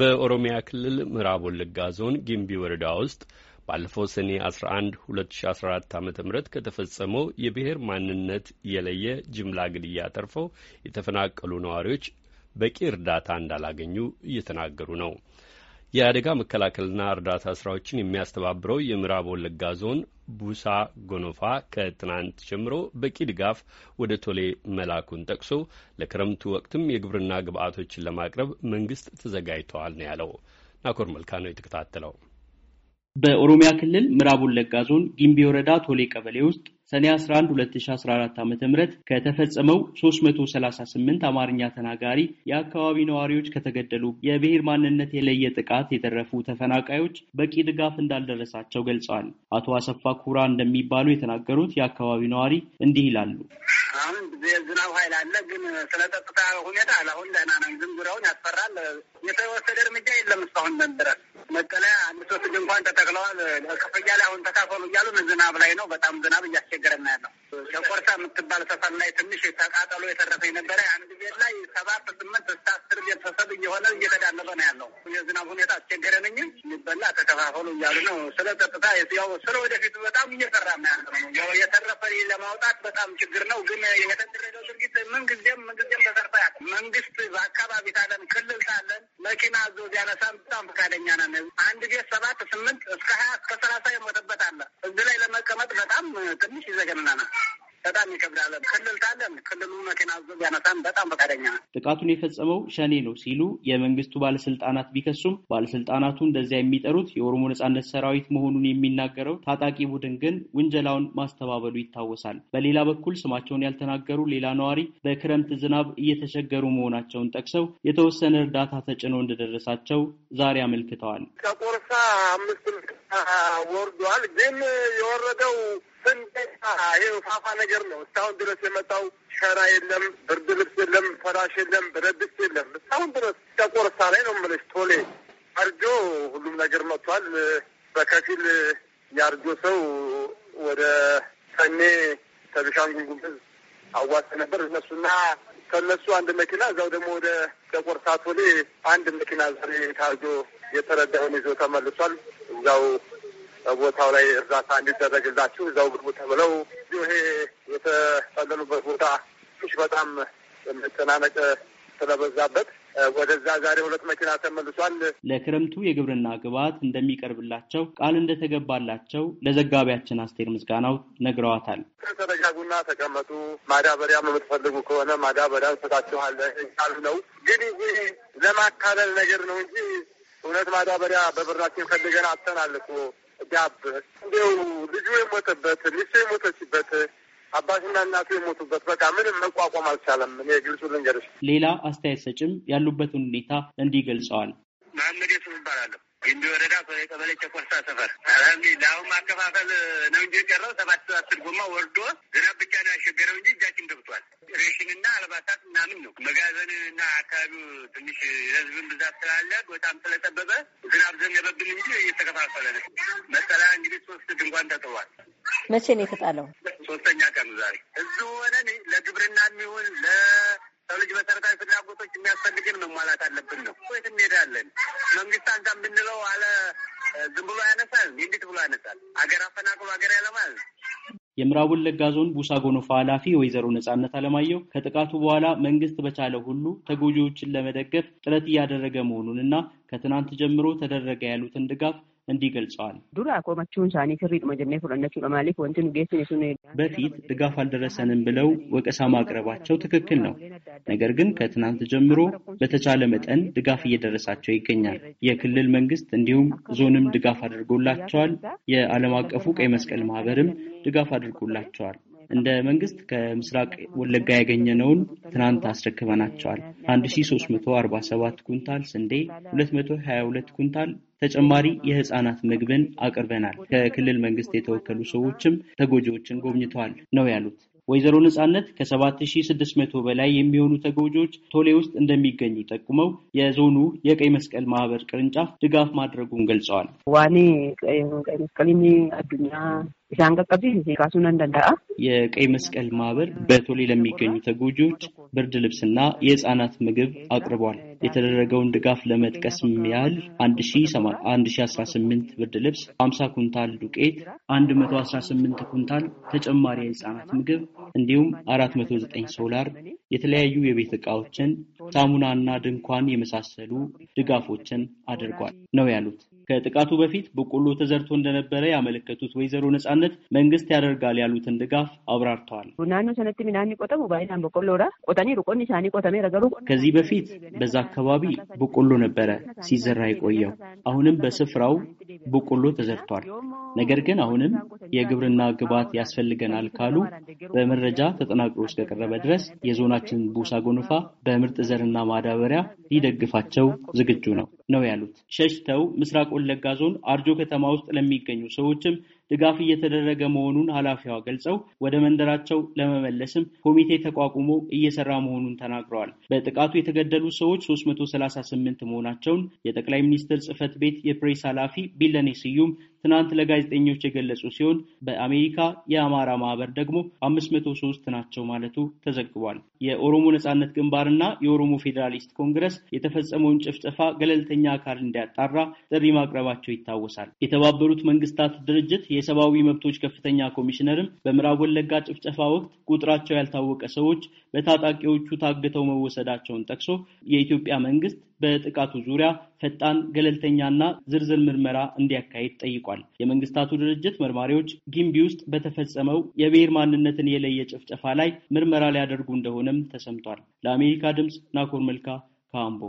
በኦሮሚያ ክልል ምዕራብ ወለጋ ዞን ጊምቢ ወረዳ ውስጥ ባለፈው ሰኔ 11 2014 ዓ ም ከተፈጸመው የብሔር ማንነት የለየ ጅምላ ግድያ ተርፈው የተፈናቀሉ ነዋሪዎች በቂ እርዳታ እንዳላገኙ እየተናገሩ ነው። የአደጋ መከላከልና እርዳታ ስራዎችን የሚያስተባብረው የምዕራብ ወለጋ ዞን ቡሳ ጎኖፋ ከትናንት ጀምሮ በቂ ድጋፍ ወደ ቶሌ መላኩን ጠቅሶ ለክረምቱ ወቅትም የግብርና ግብዓቶችን ለማቅረብ መንግስት ተዘጋጅተዋል ነው ያለው። ናኮር መልካ ነው የተከታተለው። በኦሮሚያ ክልል ምዕራብ ወለጋ ዞን ጊምቢ ወረዳ ቶሌ ቀበሌ ውስጥ ሰኔ 11 2014 ዓ ም ከተፈጸመው 338 አማርኛ ተናጋሪ የአካባቢ ነዋሪዎች ከተገደሉ የብሔር ማንነት የለየ ጥቃት የተረፉ ተፈናቃዮች በቂ ድጋፍ እንዳልደረሳቸው ገልጸዋል። አቶ አሰፋ ኩራ እንደሚባሉ የተናገሩት የአካባቢ ነዋሪ እንዲህ ይላሉ። አሁን የዝናብ ኃይል አለ፣ ግን ስለ ጸጥታ ሁኔታ አሁን ደህና ነው። ዝም ያስፈራል። የተወሰደ እርምጃ የለም እስካሁን ድረስ መጠለያ በሶስት ድንኳን ተጠቅለዋል። ክፍያ ላይ አሁን ተካፈሉ እያሉ ዝናብ ላይ ነው። በጣም ዝናብ እያስቸገረና ያለው። ጨቆርሳ የምትባል ሰፈር ላይ ትንሽ ተቃጠሎ የተረፈ የነበረ አንድ ቤት ላይ ሰባት ስምንት እስከ አስር ቤተሰብ እየሆነ እየተዳለበ ነው ያለው። የዝናብ ሁኔታ አስቸገረንኝ። እንጂ የሚበላ ተከፋፈሉ እያሉ ነው። ስለ ጸጥታ ያው ስለ ወደፊቱ በጣም እየሰራ ነው ያለው። የተረፈ ለማውጣት በጣም ችግር ነው። ግን የተደረገው ድርጊት ምንጊዜም ምንጊዜም ተሰርታ ያለ መንግስት በአካባቢ ታለን ክልል ታለን መኪና ዞ ቢያነሳም በጣም ፈቃደኛ ነን። አንድ ቤት ሰባት ስምንት እስከ ሀያ እስከ ሰላሳ የሞተበት አለ። እዚህ ላይ ለመቀመጥ በጣም ትንሽ ይዘገንናናል። በጣም ይከብዳል። ክልል ካለን ክልሉ መኪና ዞብ ያነሳን በጣም ፈቃደኛ ነው። ጥቃቱን የፈጸመው ሸኔ ነው ሲሉ የመንግስቱ ባለስልጣናት ቢከሱም ባለስልጣናቱ እንደዚያ የሚጠሩት የኦሮሞ ነጻነት ሰራዊት መሆኑን የሚናገረው ታጣቂ ቡድን ግን ውንጀላውን ማስተባበሉ ይታወሳል። በሌላ በኩል ስማቸውን ያልተናገሩ ሌላ ነዋሪ በክረምት ዝናብ እየተቸገሩ መሆናቸውን ጠቅሰው የተወሰነ እርዳታ ተጭኖ እንደደረሳቸው ዛሬ አመልክተዋል። ከቆርሳ አምስት ወርዷል ግን የወረደው ይህ ፋፋ ነገር ነው። እስካሁን ድረስ የመጣው ሸራ የለም፣ ብርድ ልብስ የለም፣ ፈራሽ የለም፣ ብረት ድስት የለም። እስካሁን ድረስ ጨቆርሳ ላይ ነው የምልሽ። ቶሌ አርጆ ሁሉም ነገር መጥቷል። በከፊል የአርጆ ሰው ወደ ሰኔ ከቤኒሻንጉል ጉሙዝ አዋሳ ነበር እነሱና ከነሱ አንድ መኪና እዛው ደግሞ ወደ ጨቆርሳ ቶሌ አንድ መኪና ዛሬ ታርጆ የተረዳውን ይዞ ተመልሷል እዛው ቦታው ላይ እርዳታ እንዲደረግላችሁ እዛው ግቡ ተብለው ይሄ የተጠለሉበት ቦታ ትንሽ በጣም የመጨናነቅ ስለበዛበት ወደዛ ዛሬ ሁለት መኪና ተመልሷል። ለክረምቱ የግብርና ግብዓት እንደሚቀርብላቸው ቃል እንደተገባላቸው ለዘጋቢያችን አስቴር ምስጋናው ነግረዋታል። ተረጋጉና ተቀመጡ፣ ማዳበሪያ የምትፈልጉ ከሆነ ማዳበሪያ እንሰጣችኋለን እያሉ ነው። ግን ይህ ለማካለል ነገር ነው እንጂ እውነት ማዳበሪያ በብራችን ፈልገን አተናልኩ ዳብ እንዲው ልጁ የሞተበት ሚስቱ የሞተችበት አባትና እናቱ የሞቱበት በቃ ምንም መቋቋም አልቻለም። እኔ ግልጹ ልንገርሽ። ሌላ አስተያየት ሰጭም ያሉበትን ሁኔታ እንዲህ ገልጸዋል። መሀመድ የሱፍ እባላለሁ። ግንቢ ወረዳ ቀበሌ ጨኮርሳ ሰፈር አልሐምዱሊላህ። አሁን ማከፋፈል ነው እንጂ የቀረው ሰባት አስር ጎማ ወርዶ ዝናብ ብቻ ነው ያሸገረው እንጂ እጃችን ገብቷል። ሬሽንና አልባሳት ምናምን ነው መጋዘንና አካባቢው ትንሽ ህዝብን ብዛት ስላለ በጣም ስለጠበበ ዝናብ ዘነበብን እንጂ እየተከፋፈለ ነው። መጠለያ እንግዲህ ሶስት ድንኳን ተጥሏል። መቼ ነው የተጣለው? ሶስተኛ ቀን ዛሬ። እዚሁ ሆነን ለግብርና የሚሆን ለሰው ልጅ መሰረታዊ ፍላጎቶች የሚያስፈልግን መሟላት አለብን ነው። ወይት እንሄዳለን። መንግስት አንተ የምንለው አለ ዝም ብሎ ያነሳል። እንዴት ብሎ ያነሳል? አገር አፈናቅሎ ሀገር ያለማል የምዕራብ ወለጋ ዞን ቡሳ ጎኖፋ ኃላፊ ወይዘሮ ነጻነት አለማየሁ ከጥቃቱ በኋላ መንግስት በቻለ ሁሉ ተጎጂዎችን ለመደገፍ ጥረት እያደረገ መሆኑን እና ከትናንት ጀምሮ ተደረገ ያሉትን ድጋፍ እንዲህ ገልጸዋል። በፊት ድጋፍ አልደረሰንም ብለው ወቀሳ ማቅረባቸው ትክክል ነው። ነገር ግን ከትናንት ጀምሮ በተቻለ መጠን ድጋፍ እየደረሳቸው ይገኛል። የክልል መንግስት እንዲሁም ዞንም ድጋፍ አድርጎላቸዋል። የዓለም አቀፉ ቀይ መስቀል ማህበርም ድጋፍ አድርጎላቸዋል። እንደ መንግስት ከምስራቅ ወለጋ ያገኘነውን ትናንት አስረክበናቸዋል። 1347 ኩንታል ስንዴ፣ 222 ኩንታል ተጨማሪ የህፃናት ምግብን አቅርበናል። ከክልል መንግስት የተወከሉ ሰዎችም ተጎጂዎችን ጎብኝተዋል ነው ያሉት። ወይዘሮ ነጻነት ከ7600 በላይ የሚሆኑ ተጎጂዎች ቶሌ ውስጥ እንደሚገኙ ጠቁመው የዞኑ የቀይ መስቀል ማህበር ቅርንጫፍ ድጋፍ ማድረጉን ገልጸዋል። ዋኔ ቀይ መስቀል አዱኛ ኢሳን ቀቀብሲ የቀይ መስቀል ማህበር በቶሌ ለሚገኙ ተጎጂዎች ብርድ ልብስና የህፃናት ምግብ አቅርቧል። የተደረገውን ድጋፍ ለመጥቀስ ያህል 1018 ብርድ ልብስ፣ 50 ኩንታል ዱቄት፣ 118 ኩንታል ተጨማሪ የህፃናት ምግብ እንዲሁም 409 ሶላር፣ የተለያዩ የቤት ዕቃዎችን፣ ሳሙናና ድንኳን የመሳሰሉ ድጋፎችን አድርጓል ነው ያሉት። ከጥቃቱ በፊት በቆሎ ተዘርቶ እንደነበረ ያመለከቱት ወይዘሮ ነጻነት መንግስት ያደርጋል ያሉትን ድጋፍ አብራርተዋል። ከዚህ በፊት በዛ አካባቢ በቆሎ ነበረ ሲዘራ የቆየው። አሁንም በስፍራው በቆሎ ተዘርቷል። ነገር ግን አሁንም የግብርና ግብዓት ያስፈልገናል ካሉ በመረጃ ተጠናቅሮ እስከቀረበ ድረስ የዞናችን ቡሳ ጎንፋ በምርጥ ዘርና ማዳበሪያ ሊደግፋቸው ዝግጁ ነው ነው ያሉት። ሸሽተው ምስራቅ ወለጋ ዞን አርጆ ከተማ ውስጥ ለሚገኙ ሰዎችም ድጋፍ እየተደረገ መሆኑን ኃላፊዋ ገልጸው ወደ መንደራቸው ለመመለስም ኮሚቴ ተቋቁሞ እየሰራ መሆኑን ተናግረዋል። በጥቃቱ የተገደሉ ሰዎች 338 መሆናቸውን የጠቅላይ ሚኒስትር ጽህፈት ቤት የፕሬስ ኃላፊ ቢለኔ ስዩም ትናንት ለጋዜጠኞች የገለጹ ሲሆን በአሜሪካ የአማራ ማህበር ደግሞ 503 ናቸው ማለቱ ተዘግቧል። የኦሮሞ ነጻነት ግንባርና የኦሮሞ ፌዴራሊስት ኮንግረስ የተፈጸመውን ጭፍጨፋ ገለልተኛ አካል እንዲያጣራ ጥሪ ማቅረባቸው ይታወሳል። የተባበሩት መንግስታት ድርጅት የሰብአዊ መብቶች ከፍተኛ ኮሚሽነርም በምዕራብ ወለጋ ጭፍጨፋ ወቅት ቁጥራቸው ያልታወቀ ሰዎች በታጣቂዎቹ ታግተው መወሰዳቸውን ጠቅሶ የኢትዮጵያ መንግስት በጥቃቱ ዙሪያ ፈጣን ገለልተኛና ዝርዝር ምርመራ እንዲያካሄድ ጠይቋል። የመንግስታቱ ድርጅት መርማሪዎች ጊምቢ ውስጥ በተፈጸመው የብሔር ማንነትን የለየ ጭፍጨፋ ላይ ምርመራ ሊያደርጉ እንደሆነም ተሰምቷል። ለአሜሪካ ድምፅ ናኮር መልካ ካምቦ